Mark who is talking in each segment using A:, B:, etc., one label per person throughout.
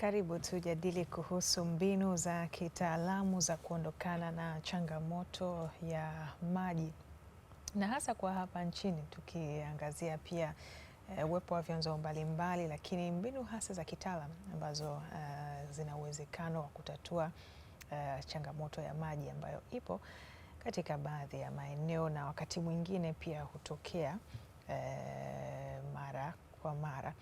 A: Karibu tujadili kuhusu mbinu za kitaalamu za kuondokana na changamoto ya maji na hasa kwa hapa nchini, tukiangazia pia eh, uwepo e, wa vyanzo mbalimbali, lakini mbinu hasa za kitaalam ambazo e, zina uwezekano wa kutatua e, changamoto ya maji ambayo ipo katika baadhi ya maeneo na wakati mwingine pia hutokea e, mara kwa mara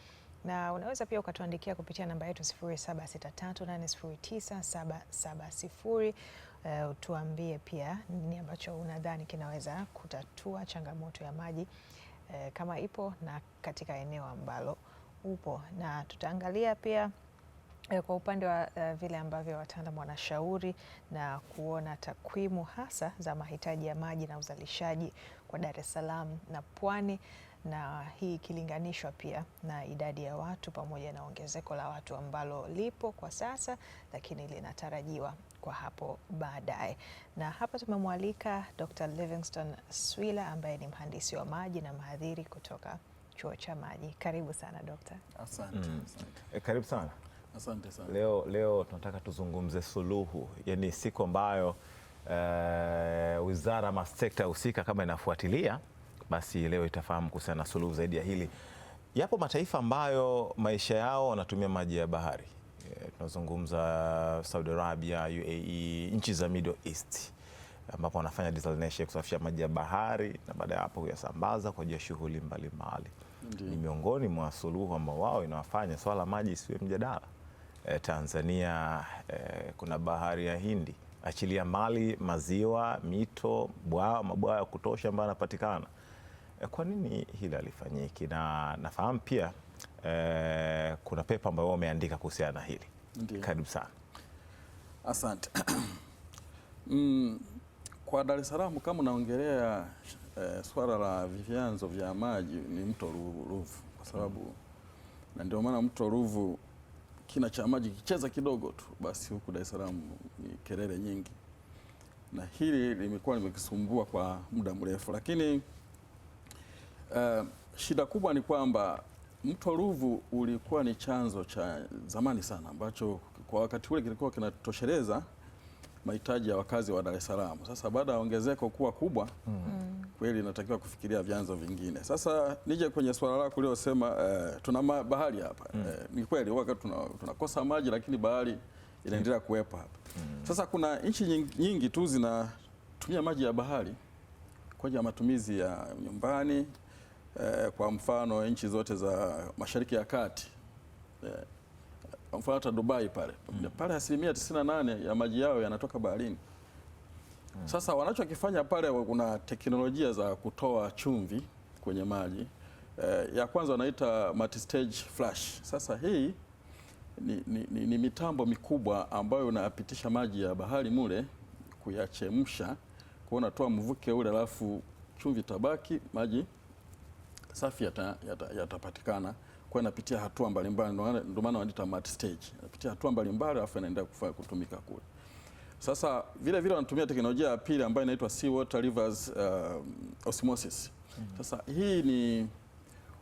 A: na unaweza pia ukatuandikia kupitia namba yetu 0763809770. Uh, tuambie pia nini ambacho unadhani kinaweza kutatua changamoto ya maji uh, kama ipo na katika eneo ambalo upo, na tutaangalia pia uh, kwa upande wa uh, vile ambavyo wataalamu wanashauri na kuona takwimu hasa za mahitaji ya maji na uzalishaji kwa Dar es Salaam na Pwani na hii ikilinganishwa pia na idadi ya watu pamoja na ongezeko la watu ambalo lipo kwa sasa, lakini linatarajiwa kwa hapo baadaye. Na hapa tumemwalika Dr. Livingstone Swila ambaye ni mhandisi wa maji na mhadhiri kutoka chuo cha maji. Karibu sana dokta.
B: Asante, mm. Asante. E, karibu sana asante sana.
C: Leo, leo tunataka tuzungumze suluhu, yani siku ambayo uh, wizara ama sekta husika kama inafuatilia basi leo itafahamu kuhusiana na suluhu zaidi ya hili. Yapo mataifa ambayo maisha yao wanatumia maji ya bahari, eh, tunazungumza Saudi Arabia, UAE, nchi za Middle East ambapo wanafanya desalination kusafisha maji ya bahari na baada ya hapo kuyasambaza kwa ajili ya shughuli mbalimbali. Ni miongoni mwa suluhu ambao wao inawafanya swala maji isiwe mjadala. E, Tanzania e, kuna bahari ya Hindi, achilia mbali maziwa, mito, bwawa, mabwawa ya kutosha ambayo yanapatikana Eh, kwa nini hili alifanyiki Na nafahamu pia eh, kuna pepa ambayo wameandika kuhusiana na hili. Karibu sana.
B: Asante. Mm, kwa Dar es Salaam kama unaongelea eh, swala la vyanzo vya maji ni mto Ruvu kwa sababu mm, na ndio maana mto Ruvu kina cha maji kicheza kidogo tu, basi huku Dar es Salaam ni kelele nyingi, na hili limekuwa limekisumbua kwa muda mrefu, lakini Uh, shida kubwa ni kwamba mto Ruvu ulikuwa ni chanzo cha zamani sana ambacho kwa wakati ule kilikuwa kinatosheleza mahitaji ya wakazi wa Dar es Salaam. Sasa baada ya ongezeko kuwa kubwa mm. kweli inatakiwa kufikiria vyanzo vingine. Sasa nije kwenye swala lako uliosema uh, tuna bahari hapa mm. uh, ni kweli wakati tunakosa tuna maji lakini bahari inaendelea kuwepo hapa mm. Sasa kuna nchi nyingi, nyingi tu zinatumia maji ya bahari kwa ajili ya matumizi ya nyumbani eh, kwa mfano nchi zote za Mashariki ya Kati eh, kwa mfano hata Dubai pale mm. pale asilimia 98 ya maji yao yanatoka baharini mm. Sasa wanachokifanya pale, kuna teknolojia za kutoa chumvi kwenye maji eh, ya kwanza wanaita multi-stage flash. Sasa hii ni, ni, ni, ni mitambo mikubwa ambayo unapitisha maji ya bahari mule kuyachemsha, kwa unatoa mvuke ule, alafu chumvi tabaki maji safi yatapatikana yata, yata kwa inapitia hatua mbalimbali, ndio maana wanaita mat stage, inapitia hatua mbalimbali afu inaenda kufanya kutumika kule. Sasa vile vile wanatumia teknolojia ya pili ambayo inaitwa sea water reverse uh, osmosis. Hmm. Sasa hii ni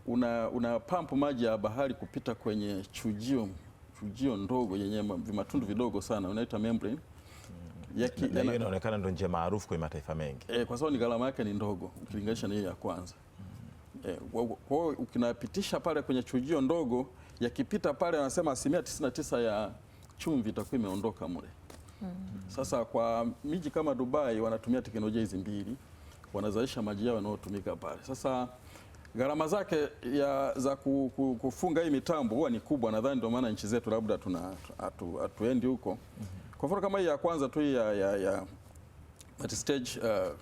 B: una, una pump maji ya bahari kupita kwenye chujio chujio ndogo yenye vimatundu vidogo sana unaitwa membrane hmm.
C: yake inaonekana ndio njia maarufu kwa mataifa mengi
B: eh, kwa sababu ni gharama yake ni ndogo ukilinganisha na hiyo ya kwanza. Eh, kwa hiyo ukinapitisha pale kwenye chujio ndogo, yakipita pale anasema asilimia 99 ya chumvi itakuwa imeondoka mle. Mm. Sasa kwa miji kama Dubai wanatumia teknolojia hizi mbili, wanazalisha maji yao yanayotumika pale. Sasa gharama zake ya, za kufunga hii mitambo huwa ni kubwa, nadhani ndio maana nchi zetu labda tuna hatuendi huko. Mm -hmm. Kwa mfano kama hii ya kwanza tu ya, ya, ya multi stage uh,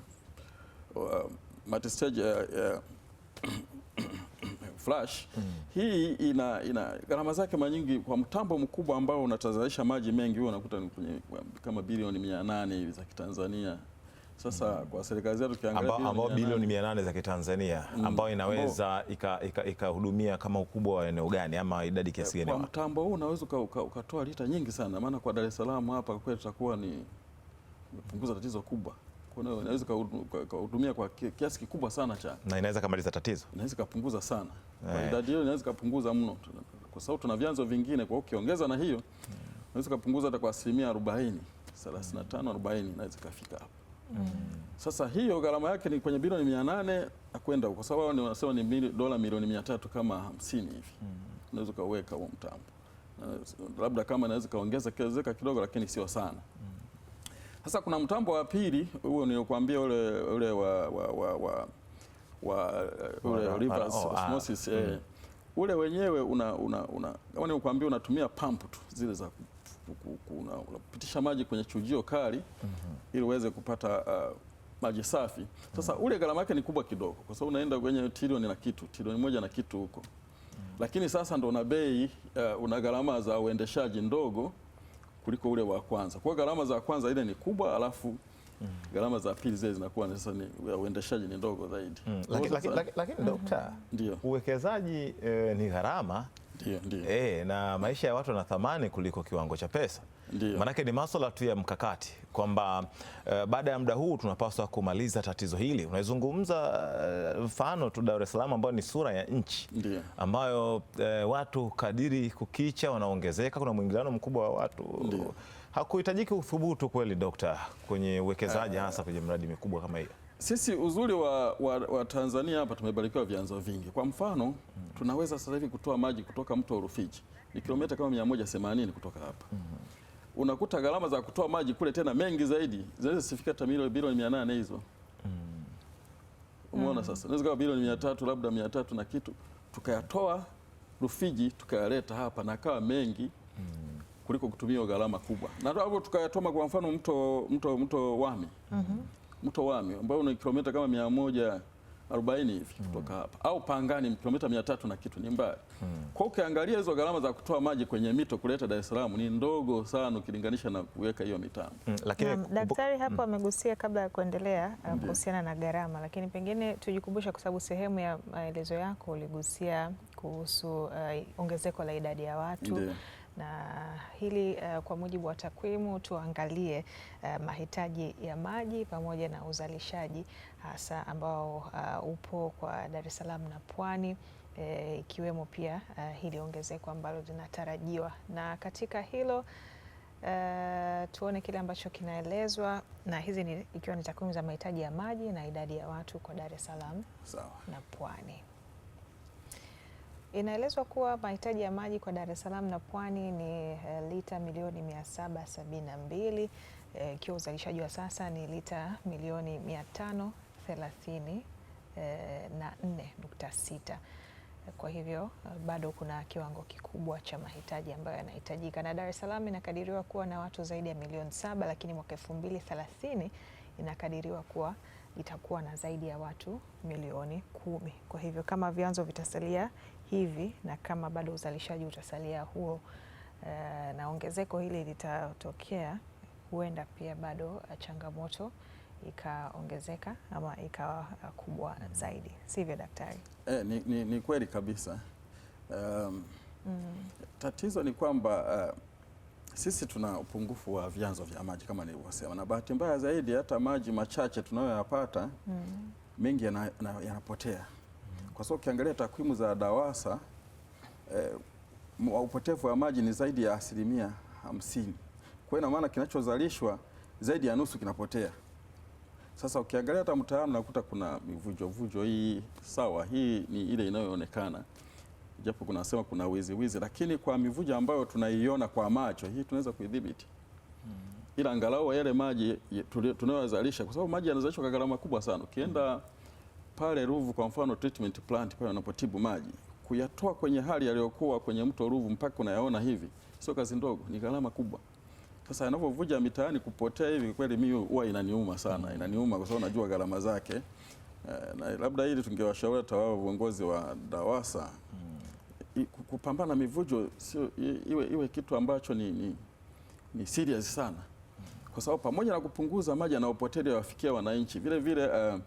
B: uh, multi stage uh, uh, flash mm. Hii ina, ina gharama zake mara nyingi kwa mtambo mkubwa ambao unatazalisha maji mengi, huo unakuta ni kama bilioni 800 za Kitanzania. Sasa mm. kwa serikali zetu tukiangalia ambao bilioni
C: 800 za Kitanzania mm. ambao inaweza ikahudumia ika, ika kama ukubwa wa eneo gani ama idadi kiasi gani? Kwa
B: mtambo huu unaweza ukatoa lita nyingi sana, maana kwa Dar es Salaam hapa kwetu tutakuwa ni punguza tatizo kubwa unaweza kutumia kwa kiasi kikubwa sana cha
C: na inaweza kamaliza tatizo,
B: inaweza kapunguza sana yeah. Idadi hiyo inaweza kapunguza mno, kwa sababu tuna vyanzo vingine, kwa ukiongeza na hiyo unaweza kapunguza hata kwa asilimia 40, 35, 40 inaweza kafika hapo. Mm. Sasa hiyo gharama yake ni kwenye bilioni 800 na kwenda kwa sababu ni wanasema ni dola milioni 300 kama 50 hivi. Mm. Unaweza ukaweka huo mtambo. Labda kama inaweza kaongeza kidogo, lakini sio sana. Sasa kuna mtambo wa pili huo niliokuambia ule ule wa wa wa, wa, wa ule reverse oh, ah, osmosis eh, mm. Ule wenyewe una una una kama niliokuambia unatumia pump tu zile za unapitisha maji kwenye chujio kali mm -hmm. ili uweze kupata uh, maji safi. Sasa mm -hmm. ule gharama yake ni kubwa kidogo, kwa sababu unaenda kwenye trilioni na kitu trilioni moja na kitu huko mm -hmm. Lakini sasa ndo una bei uh, una gharama za uendeshaji ndogo kuliko ule wa kwanza. Kwa gharama za kwanza ile ni kubwa, alafu gharama za pili zile zinakuwa sasa ni uendeshaji ni ndogo zaidi. Hmm.
C: Lakini mhm. dokta, uwekezaji eh, ni gharama ndio, ndio. Eh, na maisha ya watu wana thamani kuliko kiwango cha pesa. Maanake ni masuala tu ya mkakati kwamba uh, baada ya muda huu tunapaswa kumaliza tatizo hili. Unaizungumza eh, mfano uh, tu Dar es Salaam ambayo ni sura ya nchi Ndiyo. ambayo uh, watu kadiri kukicha wanaongezeka, kuna mwingiliano mkubwa wa watu Ndiyo. hakuhitajiki uthubutu kweli dokta, kwenye uwekezaji hasa kwenye mradi mikubwa kama hiyo.
B: Sisi uzuri wa, wa, wa Tanzania hapa tumebarikiwa vyanzo vingi. Kwa mfano hmm. tunaweza sasa hivi kutoa maji kutoka mto Rufiji ni kilomita kama 180 kutoka hapa hmm unakuta gharama za kutoa maji kule tena mengi zaidi zinaweza sifika hata milioni bilioni mia nane hizo Umeona mm. Sasa naweza kuwa bilioni mia tatu labda mia tatu na kitu tukayatoa Rufiji tukayaleta hapa na akawa mengi mm. kuliko kutumia gharama kubwa, na hapo tukayatoma kwa mfano mto, mto, mto Wami mm -hmm. mto Wami ambao una kilomita kama mia moja arobaini hivi kutoka hmm. hapa au Pangani kilomita mia tatu na kitu ni mbali. Hmm. Kwa ukiangalia hizo gharama za kutoa maji kwenye mito kuleta Dar es Salaam ni ndogo sana ukilinganisha na kuweka hiyo mitambo.
A: Hmm, lakini daktari hapo amegusia kabla ya kuendelea uh, kuhusiana na gharama, lakini pengine tujikumbusha, kwa sababu sehemu ya maelezo yako uligusia kuhusu uh, ongezeko la idadi ya watu Nde na hili uh, kwa mujibu wa takwimu tuangalie uh, mahitaji ya maji pamoja na uzalishaji hasa ambao uh, upo kwa Dar es Salaam na Pwani ikiwemo e, pia uh, hili ongezeko ambalo linatarajiwa na katika hilo Uh, tuone kile ambacho kinaelezwa na hizi ni, ikiwa ni takwimu za mahitaji ya maji na idadi ya watu kwa Dar es Salaam na Pwani. Inaelezwa kuwa mahitaji ya maji kwa Dar es Salaam na Pwani ni eh, lita milioni 772 eh, ikiwa e, uzalishaji wa sasa ni lita milioni 534.6. E, eh, kwa hivyo bado kuna kiwango kikubwa cha mahitaji ambayo yanahitajika, na Dar es Salaam inakadiriwa kuwa na watu zaidi ya milioni saba, lakini mwaka 2030 inakadiriwa kuwa itakuwa na zaidi ya watu milioni kumi. Kwa hivyo kama vyanzo vitasalia hivi, na kama bado uzalishaji utasalia huo uh, na ongezeko hili litatokea, huenda pia bado eh, changamoto ikaongezeka ama ikawa eh, kubwa zaidi, sivyo daktari?
B: Eh, ni, ni, ni kweli kabisa. Um, mm. Tatizo ni kwamba uh, sisi tuna upungufu wa vyanzo vya maji kama nilivyosema, na bahati mbaya zaidi hata maji machache tunayoyapata mm. mengi yanapotea na, kwa sababu ukiangalia takwimu za DAWASA eh, upotevu wa maji ni zaidi ya asilimia hamsini. Kwa hiyo ina maana kinachozalishwa zaidi ya nusu kinapotea. Sasa ukiangalia hata mtaani unakuta kuna mivujo vujo hii, sawa, hii ni ile inayoonekana, japo kuna sema kuna wizi wizi, lakini kwa mivujo ambayo tunaiona kwa macho hii tunaweza kuidhibiti hmm. ila angalau yale maji tunayozalisha, kwa sababu maji yanazalishwa kwa gharama kubwa sana. Ukienda hmm pale Ruvu kwa mfano treatment plant pale wanapotibu maji, kuyatoa kwenye hali yaliyokuwa kwenye mto Ruvu mpaka unayaona hivi, sio kazi ndogo, ni gharama kubwa. Sasa anapovuja mitaani kupotea hivi, kweli mimi huwa inaniuma sana, inaniuma kwa sababu najua gharama zake. Eh, na labda hili tungewashauri hata wao viongozi wa DAWASA kupambana mivujo sio iwe, iwe kitu ambacho ni, ni, ni serious sana, kwa sababu pamoja na kupunguza maji yanayopotea yawafikia wananchi vile vile uh,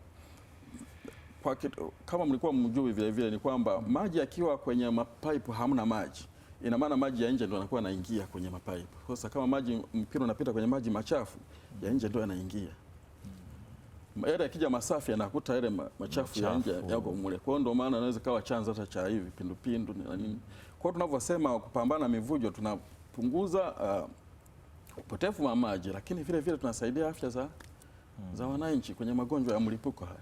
B: kwa kitu, kama mlikuwa mjui vile vile ni kwamba mm. maji yakiwa kwenye mapaipu hamna maji, ina maana maji ya nje ndio yanakuwa yanaingia kwenye mapaipu. Sasa kama maji mpira unapita kwenye maji machafu mm. ya nje ndio yanaingia yale yakija masafi yanakuta yale machafu ya nje yako mule. Kwa hiyo ndio maana anaweza kawa chanzo hata cha hivi pindupindu na nini. Kwa hiyo tunavyosema kupambana na mivujo, tunapunguza ah, upotevu uh, wa maji, lakini vile vile tunasaidia afya za za wananchi kwenye magonjwa ya mlipuko haya.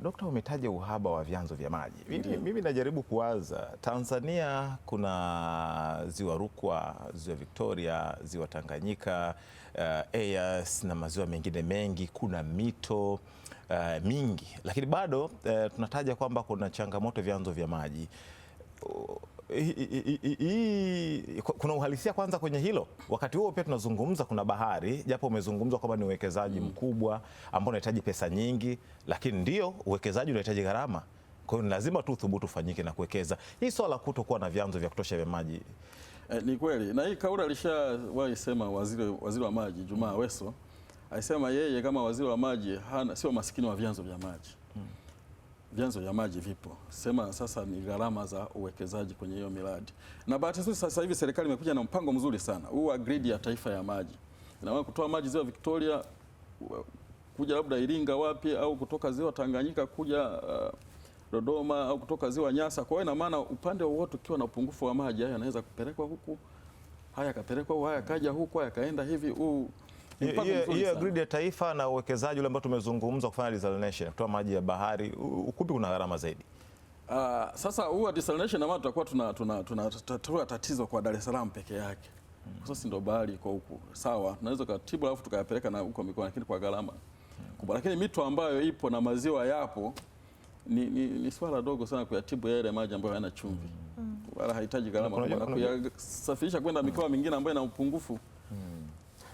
C: Dokta, umetaja uhaba wa vyanzo vya maji. Mimi, mimi najaribu kuwaza Tanzania kuna ziwa Rukwa, ziwa Victoria, ziwa Tanganyika, uh, eh, Eyas na maziwa mengine mengi, kuna mito uh, mingi, lakini bado uh, tunataja kwamba kuna changamoto vyanzo vya maji hii kuna uhalisia kwanza kwenye hilo. Wakati huo pia tunazungumza, kuna bahari, japo umezungumzwa kwamba ni uwekezaji mm. mkubwa ambao unahitaji pesa nyingi, lakini ndio uwekezaji unahitaji gharama. Kwa hiyo ni lazima tu uthubutu ufanyike na kuwekeza. Hii swala kutokuwa na vyanzo vya kutosha vya maji
B: eh, ni kweli, na hii kauli alishawahi sema waziri, waziri wa maji Jumaa Aweso alisema yeye kama waziri wa maji hana, sio maskini wa vyanzo vya maji vyanzo vya maji vipo, sema sasa ni gharama za uwekezaji kwenye hiyo miradi. Na bahati nzuri sasa hivi serikali imekuja na mpango mzuri sana huu wa gridi ya taifa ya maji, inaona kutoa maji ziwa Victoria kuja labda Iringa wapi au kutoka ziwa Tanganyika kuja uh, Dodoma au kutoka ziwa Nyasa. Kwa hiyo ina maana upande wowote ukiwa na upungufu wa maji, haya yanaweza kupelekwa huku, haya huku, haya kaja huku, haya kaenda hivi huu hiyo
C: gridi ya taifa na uwekezaji ule ambao tumezungumza kufanya desalination, kutoa maji ya bahari, ukupi kuna gharama zaidi.
B: Uh, sasa huwa desalination na ambayo tutakuwa tunatatua tuna, tuna, tuna tatizo kwa Dar es Salaam peke yake kwa hmm. sababu si ndo bahari kwa huku sawa, tunaweza kutibu alafu tukayapeleka na huko mikoa, lakini kwa gharama kubwa, lakini mito ambayo ipo na maziwa yapo ni, ni, ni swala dogo sana kuyatibu yale maji ambayo hayana chumvi hmm. wala hahitaji gharama kubwa, kuyasafirisha kwenda mikoa mingine ambayo ina upungufu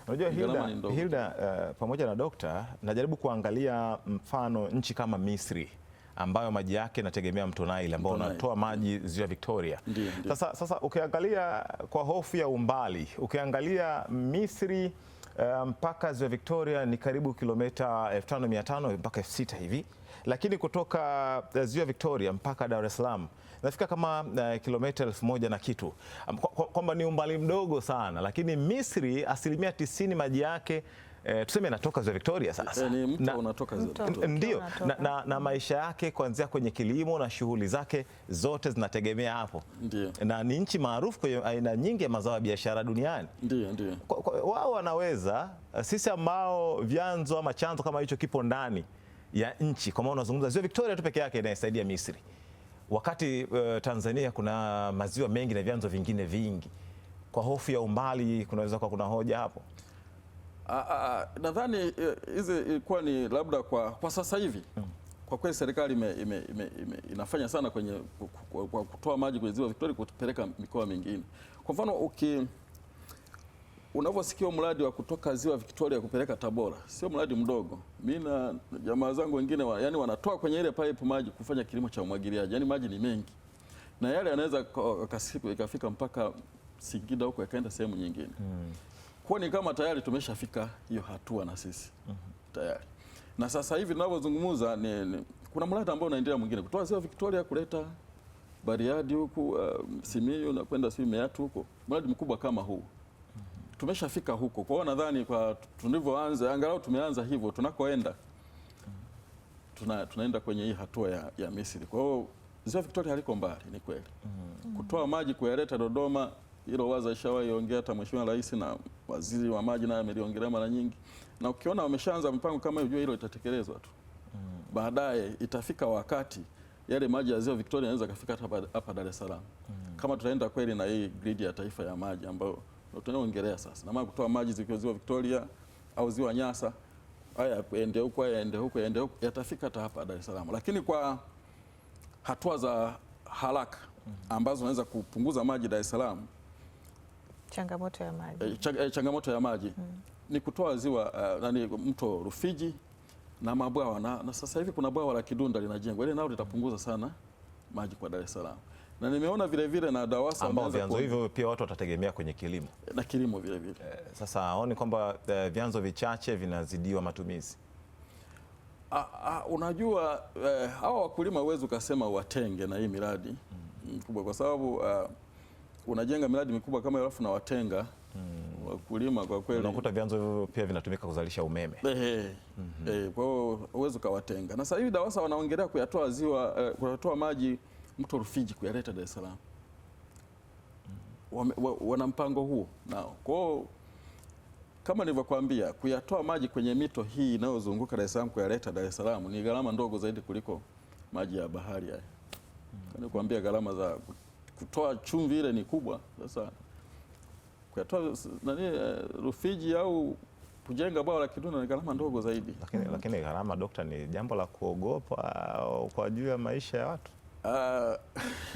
C: Unajua Hilda, Hilda uh, pamoja na dokta, najaribu kuangalia mfano nchi kama Misri ambayo maji yake nategemea mto Nile ambao unatoa maji ziwa Victoria. Sasa, sasa ukiangalia kwa hofu ya umbali, ukiangalia Misri Eh, mpaka um, ziwa Victoria ni karibu kilomita 5500 mpaka 6000 hivi, lakini kutoka eh, ziwa Victoria mpaka Dar es Salaam nafika kama uh, kilomita elfu moja na kitu um, kwamba kwa, kwa ni umbali mdogo sana, lakini Misri asilimia tisini maji yake eh, tuseme anatoka Ziwa Victoria sasa
B: e, ni na, unatoka Ziwa Victoria.
C: Ndio na, na, na maisha yake kuanzia kwenye kilimo na shughuli zake zote zinategemea hapo Ndio. Na ni nchi maarufu kwenye aina nyingi ya mazao ya biashara duniani Ndio, ndio. Wao wanaweza eh, sisi ambao vyanzo ama chanzo kama hicho kipo ndani ya nchi, kwa maana unazungumza Ziwa Victoria tu peke yake inayosaidia Misri wakati uh, Tanzania kuna maziwa mengi na vyanzo vingine vingi. Kwa hofu ya umbali kunaweza kuwa kuna hoja hapo.
B: Ah, ah, ah, nadhani eh, hizi ilikuwa ni labda kwa, kwa sasa hivi hmm. Kwa kweli serikali ime, ime, ime, inafanya sana kwenye kwa kutoa maji kwenye ziwa Victoria kupeleka mikoa mingine. Kwa mfano uki unavyosikia mradi wa kutoka ziwa Victoria kupeleka Tabora, sio mradi mdogo. Mimi na jamaa zangu wengine wa, yani wanatoa kwenye ile pipe maji kufanya kilimo cha umwagiliaji, yani maji ni mengi na yale yanaweza ikafika mpaka Singida huko yakaenda sehemu nyingine hmm kwa ni kama tayari tumeshafika hiyo hatua na sisi mm -hmm. tayari na sasa hivi tunavyozungumza ni, ni, kuna mradi ambao unaendelea mwingine kutoa ziwa Victoria kuleta Bariadi huku uh, Simiyu na kwenda sio Meatu huko, mradi mkubwa kama huu mhm. tumeshafika huko. Kwa hiyo nadhani kwa tulivyoanza, angalau tumeanza hivyo, tunakoenda mhm. tuna, tunaenda kwenye hii hatua ya, ya Misri. Kwa hiyo ziwa Victoria haliko mbali, ni kweli mm -hmm. kutoa maji kuyaleta Dodoma hilo waza ishawahi ongea hata Mheshimiwa Rais na waziri wa maji naye ameliongelea mara nyingi, na ukiona wameshaanza mpango kama hiyo, hilo itatekelezwa tu mm. Baadaye itafika wakati yale maji ya ziwa Victoria yanaweza kafika hapa Dar es Salaam mm. Kama tutaenda kweli na hii gridi ya taifa ya maji ambayo ndio tunaongelea sasa, na maana kutoa maji zikiwa ziwa Victoria au ziwa Nyasa, haya ende huko, ende huko, ende huko, yatafika hata hapa Dar es Salaam, lakini kwa hatua za haraka mm. ambazo unaweza kupunguza maji Dar es Salaam mm
A: changamoto ya maji, eh,
B: Chag, eh, changamoto ya maji mm. ni kutoa ziwa uh, nani mto Rufiji na mabwawa na, na sasa hivi kuna bwawa la Kidunda linajengwa, ile nalo litapunguza sana maji kwa Dar es Salaam na nimeona vile vile na DAWASA
C: ambao vyanzo hivyo pia watu watategemea kwenye kilimo
B: na kilimo vile vile. Eh,
C: sasa haoni kwamba eh, vyanzo vichache vinazidiwa matumizi?
B: A, ah, a, ah, unajua hawa wakulima huwezi ukasema watenge na hii miradi mikubwa hmm. mm. kwa sababu uh, unajenga miradi mikubwa kama hiyo alafu unawatenga hmm. wakulima kwa kweli
C: unakuta vyanzo hivyo pia vinatumika kuzalisha umeme.
B: Ehe. Eh. Mm -hmm. E, eh, kwa hiyo uweze kuwatenga. Na sasa hivi DAWASA wanaongelea kuyatoa ziwa eh, kuyatoa maji mto Rufiji kuyaleta Dar es Salaam. mm. Wana wa, wa mpango huo nao. Kwa hiyo kama nilivyokuambia kuyatoa maji kwenye mito hii inayozunguka Dar es Salaam kuyaleta Dar es Salaam ni gharama ndogo zaidi kuliko maji ya bahari haya. Hmm. Nikuambia gharama za kutoa chumvi ile ni kubwa. Sasa kuyatoa nani eh, Rufiji au kujenga bwawa la Kidunda ni gharama ndogo zaidi,
C: lakini mm -hmm. lakini gharama dokta, ni jambo la kuogopa kwa juu ya maisha ya watu ah.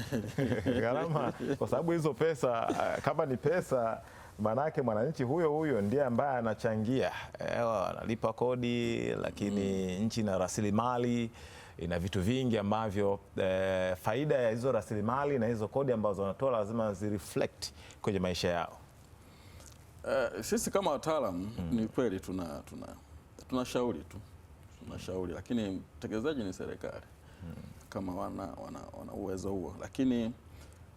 C: gharama kwa sababu hizo pesa eh, kama ni pesa maanake mwananchi huyo huyo ndiye ambaye anachangia, eh, analipa kodi, lakini mm. nchi na rasilimali ina vitu vingi ambavyo eh, faida ya hizo rasilimali na hizo kodi ambazo wanatoa lazima zireflect kwenye maisha yao.
B: Uh, sisi kama wataalam mm. ni kweli tuna tunashauri tuna tu tunashauri, lakini mtekelezaji ni serikali mm. kama wana, wana, wana uwezo huo, lakini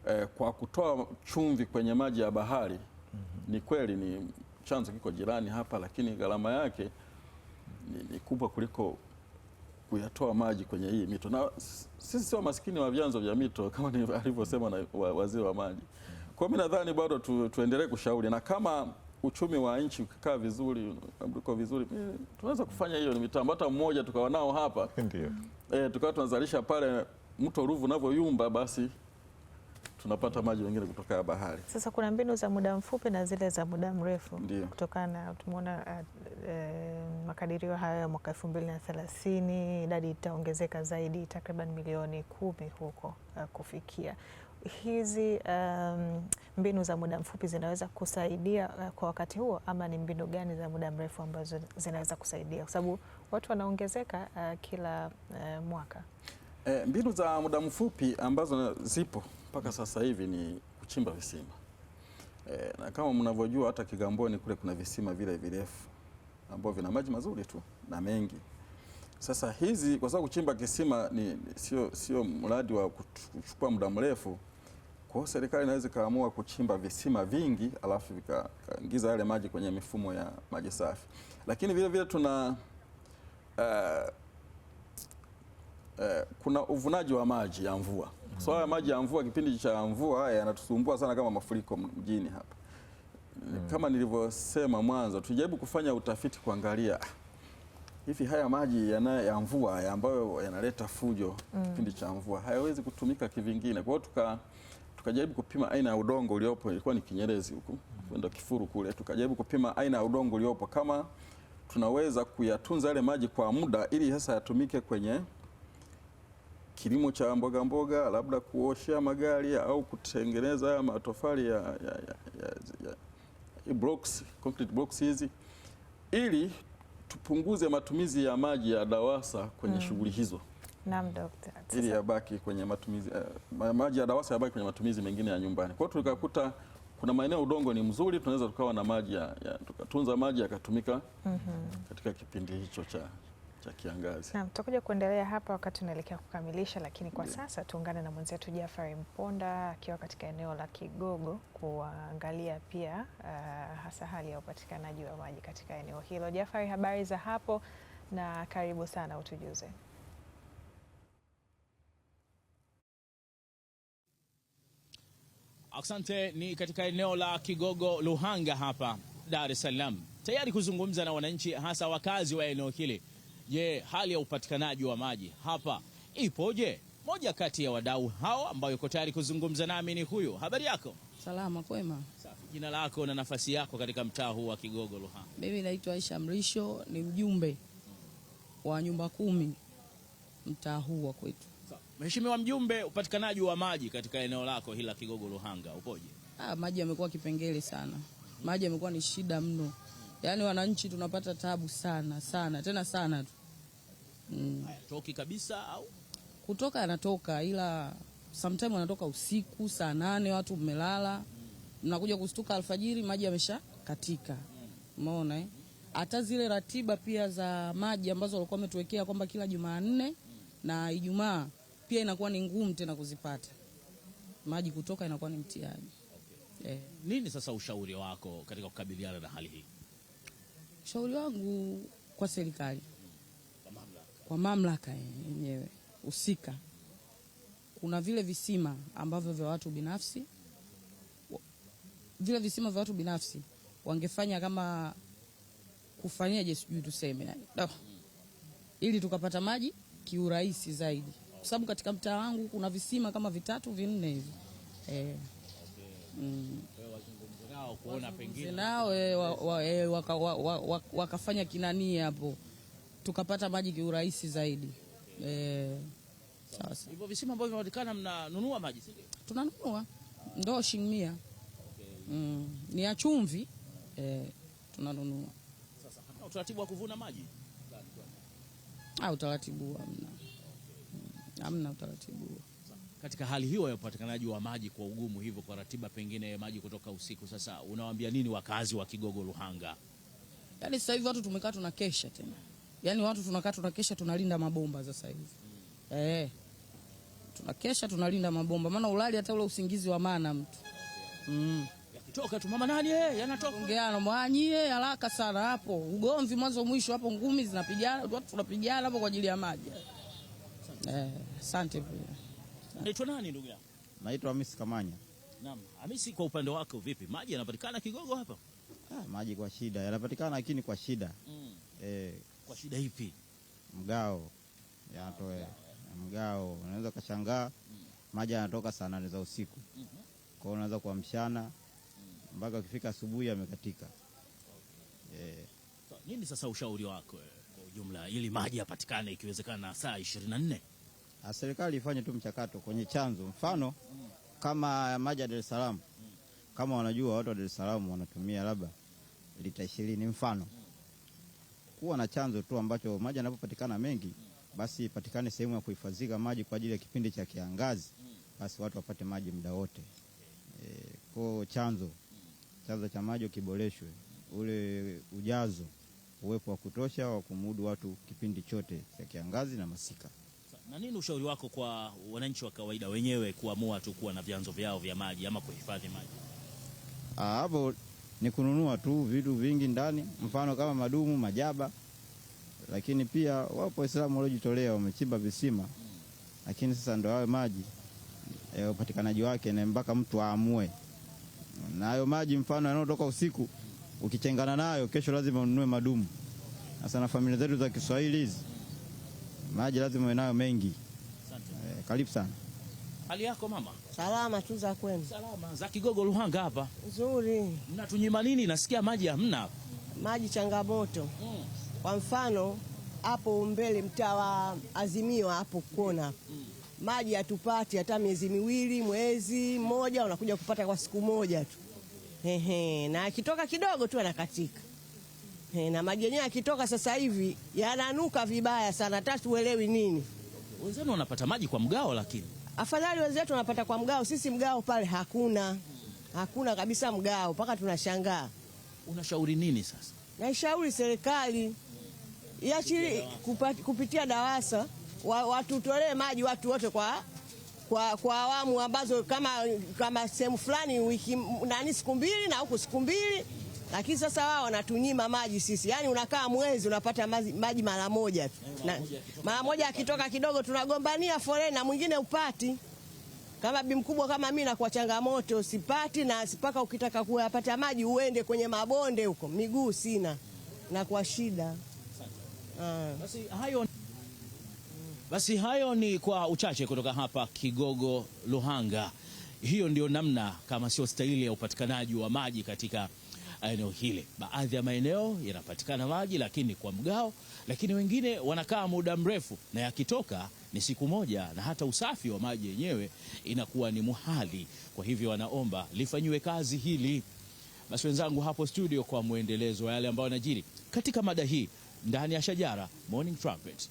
B: eh, kwa kutoa chumvi kwenye maji ya bahari mm -hmm. ni kweli ni chanzo kiko jirani hapa, lakini gharama yake ni, ni kubwa kuliko kuyatoa maji kwenye hii mito, na sisi sio maskini wa vyanzo vya mito kama alivyosema na waziri wa maji. Kwa mimi nadhani bado tu, tuendelee kushauri na kama uchumi wa nchi ukikaa vizuri uko vizuri, eh, tunaweza kufanya hiyo ni mitambo hata mmoja tukawa nao hapa ndio, eh, tukawa tunazalisha pale mto Ruvu unavyoyumba basi tunapata maji mengine kutoka bahari.
A: Sasa kuna mbinu za muda mfupi na zile za muda mrefu, kutokana tumeona uh, eh, makadirio hayo ya mwaka elfu mbili na thelathini idadi itaongezeka zaidi takriban milioni kumi huko uh, kufikia hizi um, mbinu za muda mfupi zinaweza kusaidia uh, kwa wakati huo, ama ni mbinu gani za muda mrefu ambazo zinaweza kusaidia, kwa sababu watu wanaongezeka uh, kila uh, mwaka?
B: E, mbinu za muda mfupi ambazo zipo mpaka sasa hivi ni kuchimba visima e, na kama mnavyojua hata Kigamboni kule kuna visima vile virefu ambao vina maji mazuri tu na mengi. Sasa hizi kwa sababu kuchimba kisima ni sio sio mradi wa kuchukua muda mrefu, kwa hiyo serikali inaweza ikaamua kuchimba visima vingi alafu vikaingiza yale maji kwenye mifumo ya maji safi, lakini vile vile tuna uh, uh, kuna uvunaji wa maji ya mvua mm. Swala la maji ya mvua, kipindi cha mvua haya yanatusumbua sana kama mafuriko mjini hapa. mm. Kama nilivyosema mwanzo, tujaribu kufanya utafiti kuangalia ah, hivi haya maji yana ya mvua ya ambayo yanaleta fujo mm. kipindi cha mvua hayawezi kutumika kivingine. Kwa hiyo tuka tukajaribu kupima aina ya udongo uliopo, ilikuwa ni Kinyerezi huku kwenda mm. Kifuru kule, tukajaribu kupima aina ya udongo uliopo, kama tunaweza kuyatunza yale maji kwa muda ili sasa yatumike kwenye kilimo cha mboga mboga, labda kuosha magari au kutengeneza matofali ya, ya, ya, ya, ya blocks, concrete blocks hizi ili tupunguze matumizi ya maji ya DAWASA kwenye mm. shughuli hizo.
A: Naam, daktari.
B: Ili yabaki kwenye matumizi uh, maji ya DAWASA yabaki kwenye matumizi mengine ya nyumbani. Kwa hiyo tukakuta kuna maeneo udongo ni mzuri, tunaweza tukawa na maji ya, ya, tukatunza maji yakatumika mm -hmm. katika kipindi hicho cha cha kiangazi.
A: Naam, tutakuja kuendelea hapa wakati unaelekea kukamilisha, lakini kwa yeah, sasa tuungane na mwenzetu Jafari Mponda akiwa katika eneo la Kigogo kuangalia pia uh, hasa hali ya upatikanaji wa maji katika eneo hilo. Jafari, habari za hapo na karibu sana, utujuze.
D: Asante. Ni katika eneo la Kigogo Luhanga hapa Dar es Salaam, tayari kuzungumza na wananchi, hasa wakazi wa eneo hili Je, hali ya upatikanaji wa maji hapa ipoje? Moja kati ya wadau hao ambayo yuko tayari kuzungumza nami ni huyu. Habari yako?
E: Salama, kwema. Safi.
D: Jina lako na nafasi yako katika mtaa huu wa Kigogo Ruhanga?
E: Mimi naitwa Aisha Mrisho, ni mjumbe wa nyumba kumi mtaa huu wa kwetu.
D: Mheshimiwa mjumbe, upatikanaji wa maji katika eneo lako hili la Kigogo Ruhanga upoje?
E: Ah, maji yamekuwa kipengele sana, maji yamekuwa ni shida mno yaani wananchi tunapata tabu sana sana tena sana tu
D: mm. Toki kabisa au
E: kutoka anatoka, ila sometime anatoka usiku saa nane, watu mmelala, mnakuja kustuka alfajiri, maji yamesha katika. Umeona eh? Hata zile ratiba pia za maji ambazo walikuwa wametuwekea kwamba kila Jumanne na Ijumaa pia inakuwa ni ngumu tena kuzipata maji kutoka, inakuwa ni mtihani.
D: Okay. Eh. Nini sasa ushauri wako katika kukabiliana na hali hii?
E: Ushauri wangu kwa serikali, kwa mamlaka yenyewe husika, kuna vile visima ambavyo vya watu binafsi, vile visima vya watu binafsi wangefanya kama kufanyaje, sijui tuseme yani no, ili tukapata maji kiurahisi zaidi, kwa sababu katika mtaa wangu kuna visima kama vitatu vinne hivi
D: eh, mm kuona pengine
E: nao wakafanya eh, wa, wa, eh, waka kinani hapo tukapata maji kiurahisi zaidi e, eh,
D: sasa hivyo visima ambavyo vinaonekana mnanunua maji si ndio?
E: Tunanunua ndoo shilingi 100. Okay. Mm, ni ya chumvi e, tunanunua.
D: Sasa hamna utaratibu wa kuvuna maji?
E: Ah, utaratibu hamna. Mm, hamna utaratibu
D: katika hali hiyo ya upatikanaji wa maji kwa ugumu hivyo, kwa ratiba pengine maji kutoka usiku, sasa unawaambia nini wakazi wa Kigogo Ruhanga?
E: Yaani sasa hivi watu tumekaa tunakesha tena, yaani watu tunakaa tunakesha tunalinda mabomba sasa hivi Eh, tunakesha tunalinda mabomba, maana ulali hata ule usingizi wa maana mtu
D: mm. Yakitoka tu mama nani eh, yanatoka
E: ongeana mwanyie eh, haraka sana hapo, ugomvi mwanzo mwisho hapo, ngumi zinapigana, watu tunapigana hapo kwa ajili ya maji. Eh, asante pia
D: Naitwa nani ndugu yangu?
F: Naitwa Hamisi Kamanya.
D: Naam. Hamisi, kwa upande wako vipi, maji yanapatikana Kigogo hapa?
F: Ah, maji kwa shida yanapatikana, lakini kwa shida mm.
D: E, kwa shida ipi?
F: Mgao yanatoe ah, mgao, unaweza ukashangaa mm. maji yanatoka saa nane za usiku mm -hmm. kwa hiyo unaweza kwa mshana mm. mpaka mm. ukifika asubuhi amekatika.
D: okay. E. so, nini sasa ushauri wako eh, kwa ujumla ili maji yapatikane ikiwezekana saa ishirini na nne?
F: Ah, serikali ifanye tu mchakato kwenye chanzo, mfano kama maji ya Dar es Salaam, kama wanajua watu wa Dar es Salaam wanatumia labda lita ishirini, mfano kuwa na chanzo tu ambacho maji yanapopatikana mengi, basi ipatikane sehemu ya kuhifadhika maji kwa ajili ya kipindi cha kiangazi, basi watu wapate maji muda wote. E, kwa chanzo chanzo cha maji kiboreshwe, ule ujazo uwepo wa kutosha wa kumudu watu kipindi chote cha kiangazi na masika.
D: Na nini ushauri wako kwa wananchi wa kawaida wenyewe kuamua tu kuwa na vyanzo vyao vya maji ama kuhifadhi maji?
F: Ah, hapo ni kununua tu vitu vingi ndani, mfano kama madumu, majaba, lakini pia wapo Waislamu waliojitolea wamechimba visima hmm. Lakini sasa ndo hayo maji e, upatikanaji wake ni mpaka mtu aamue, na hayo maji mfano yanayotoka usiku, ukichengana nayo kesho lazima ununue madumu. Sasa na familia zetu za Kiswahili hizi maji lazima uwe nayo mengi. Asante. Eh, karibu sana.
D: Hali yako mama?
G: Salama tu za kwenu?
D: Salama. Za Kigogo Ruhanga hapa?
G: Nzuri.
D: Mnatunyima nini? Nasikia maji hamna.
G: Maji changamoto. Mm. Kwa mfano hapo mbele mtaa wa Azimio hapo kona. Mm. Maji hatupati hata miezi miwili, mwezi mmoja unakuja kupata kwa siku moja tu. Hehe. na akitoka kidogo tu anakatika na maji yenyewe yakitoka sasa hivi yananuka vibaya sana, tatuelewi nini.
D: Wenzenu wanapata maji kwa mgao, lakini
G: afadhali wenzetu wanapata kwa mgao, sisi mgao pale hakuna, hakuna kabisa mgao, mpaka tunashangaa.
D: Unashauri nini sasa?
G: Naishauri serikali iachili kupitia DAWASA watutolee maji watu wote kwa kwa kwa awamu ambazo kama kama sehemu fulani wiki nani siku mbili na huku siku mbili lakini sasa wao wanatunyima maji sisi, yaani unakaa mwezi unapata maji, maji mara moja tu, mara moja akitoka kidogo tunagombania foreni na mwingine upati kama bi mkubwa kama mimi na kwa changamoto sipati, na sipaka ukitaka kuyapata maji uende kwenye mabonde huko, miguu sina na kwa shida
D: ah. basi. Hayo, basi hayo ni kwa uchache kutoka hapa Kigogo Luhanga. Hiyo ndio namna kama sio stahili ya upatikanaji wa maji katika eneo hili. Baadhi ya maeneo yanapatikana maji lakini kwa mgao, lakini wengine wanakaa muda mrefu, na yakitoka ni siku moja, na hata usafi wa maji yenyewe inakuwa ni muhali. Kwa hivyo wanaomba lifanyiwe kazi hili. Basi wenzangu hapo studio, kwa mwendelezo wa yale ambayo yanajiri katika mada hii ndani ya Shajara Morning Trumpet.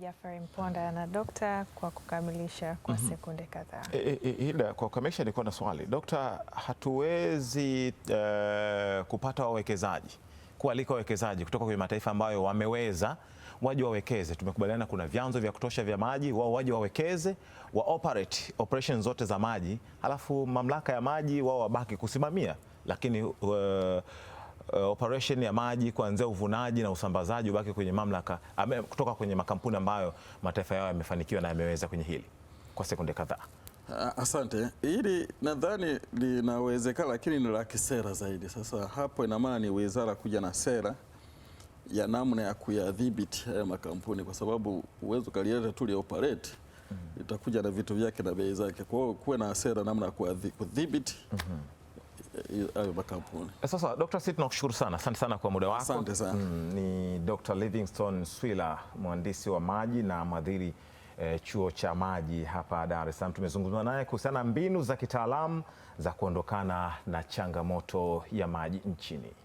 A: Jafari Mponda na Dokta kwa kukamilisha kwa mm -hmm. sekunde kadhaa.
C: E, eh, e, eh, eh, Ida, kwa kukamilisha nilikuwa na swali Dokta, hatuwezi uh, kupata wawekezaji kualika wawekezaji kutoka kwenye mataifa ambayo wameweza waje wawekeze. Tumekubaliana kuna vyanzo vya kutosha vya maji, wao waje wawekeze, wa operate operation zote za maji, halafu mamlaka ya maji wao wabaki kusimamia, lakini uh, uh, operation ya maji kuanzia uvunaji na usambazaji ubaki kwenye mamlaka ame, kutoka kwenye makampuni ambayo mataifa yao yamefanikiwa na yameweza kwenye hili? Kwa sekunde kadhaa.
B: Ah, asante. Hili nadhani linawezekana, lakini ni la kisera zaidi. Sasa hapo ina maana ni wizara kuja na sera ya namna ya kuyadhibiti haya makampuni, kwa sababu uwezo ukalieta tu li operate mm -hmm. Itakuja na vitu vyake na bei zake, kwa hiyo kuwe na sera namna ya kudhibiti mm -hmm hayo makampuni.
C: Eh, sasa Dr. Slaa, tunakushukuru sana, asante sana kwa muda wako.
B: Asante sana. Mm,
C: ni Dr. Livingstone Swila, mhandisi wa maji na mhadhiri eh, chuo cha maji hapa Dar es Salaam. Tumezungumza naye kuhusiana na mbinu za kitaalamu za kuondokana na changamoto ya maji nchini.